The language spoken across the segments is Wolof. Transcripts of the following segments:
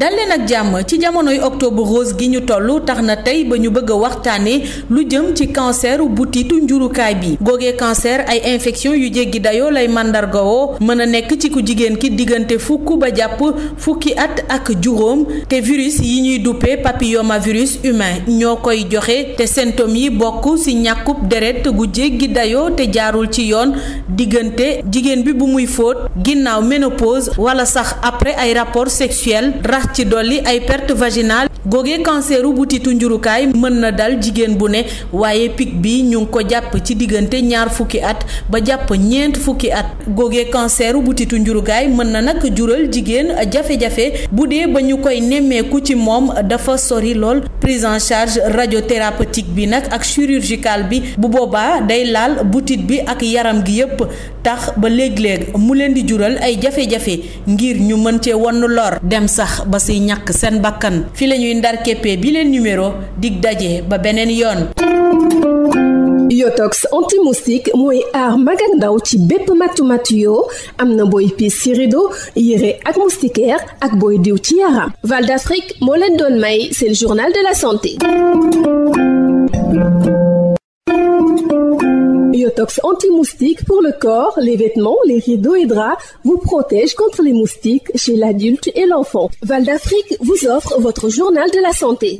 dal leen ak jàmm ci jamonoy octobre rose gi ñu toll tax na tey ba ñu bëgg a waxtaanee lu jëm ci cancer butitu njurukaay bi googee cancer ay infection yu jéggi dayoo lay màndargawoo mën a nekk ci ku jigéen ki diggante fukk ba jàpp fukki at ak juróom te virus yi ñuy duppee papillomavirus humain ñoo koy joxe te symptômes yi bokk ci ñàkkub deret gu jéggi dayoo te jaarul ci yoon diggante jigéen bi bu muy fóot ginnaaw ménopause wala sax après ay rapport sexuel rax ci dolli ay perte vaginale googe kanseeru butitu njurukaay mën na dal jigéen bu ne waaye pic bi ñu ngi ko jàpp ci diggante ñaar fukki at ba jàpp ñeent fukki at googe kanseeru butitu njurukaay mën na nag jural jigéen jafe-jafe bu dee ba ñu koy nemmeeku ci moom dafa sori lool prise en charge radiothérapeutique bi nag ak chirurgicale bi bu boobaa day laal butit bi ak yaram gi yépp tax ba léeg-léeg mu leen di jural ay jafe-jafe ngir ñu mën cee wonn lor dem sax ba si ñàkk seen bakkan fi lañuy ndar képpee bi leen numéro dig daje ba beneen yoon biotox anti-moustique mooy aar mag ak ndaw ci bépp matu-matu yoo am na booy piis ci rido yére ak ak booy diw ci yaram Val d'Afrique moo leen doon may c'est le journal la santé Biotox anti-moustique pour le corps, les vêtements, les rideaux les moustiques chez l'adulte et l'enfant. Val d'Afrique vous journal de la santé.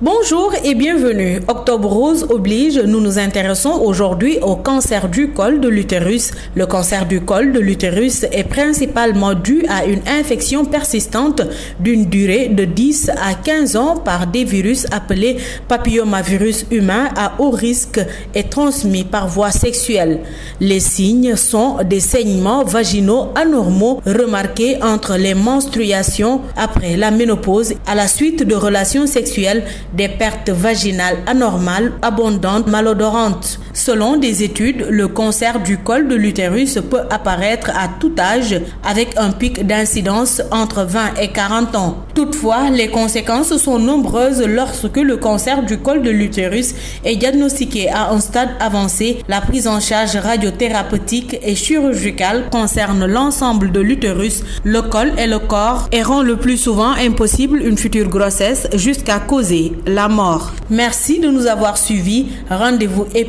Bonjour et bienvenue. Octobre rose oblige, nous nous intéressons aujourd'hui au cancer du col de l'utérus. Le cancer du col de l'utérus est principalement dû à une infection persistante d'une durée de 10 à 15 ans par des virus appelés papillomavirus humains à haut risque et transmis par voie sexuelle. Les signes sont des saignements vaginaux anormaux remarqués entre les menstruations après la ménopause à la suite de relations sexuelles des pertes vaginales anormales, abondantes, malodorantes. Selon des études, le cancer du col de l'utérus peut apparaître à tout âge avec un pic d'incidence entre 20 et 40 ans. Toutefois, les conséquences sont nombreuses lorsque le cancer du col de l'utérus est diagnostiqué à un stade avancé. La prise en charge radiothérapeutique et chirurgicale concerne l'ensemble de l'utérus, le col et le corps et rend le plus souvent impossible une future grossesse jusqu'à causer la mort. Merci de nous avoir suivis. Rendez-vous est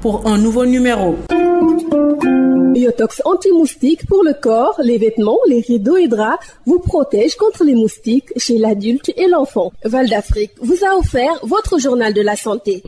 pour un nouveau numéro. Biotox anti pour le corps, les vêtements, les rideaux et draps vous protège contre les moustiques chez l'adulte et l'enfant. Val d'Afrique vous a offert votre journal de la santé.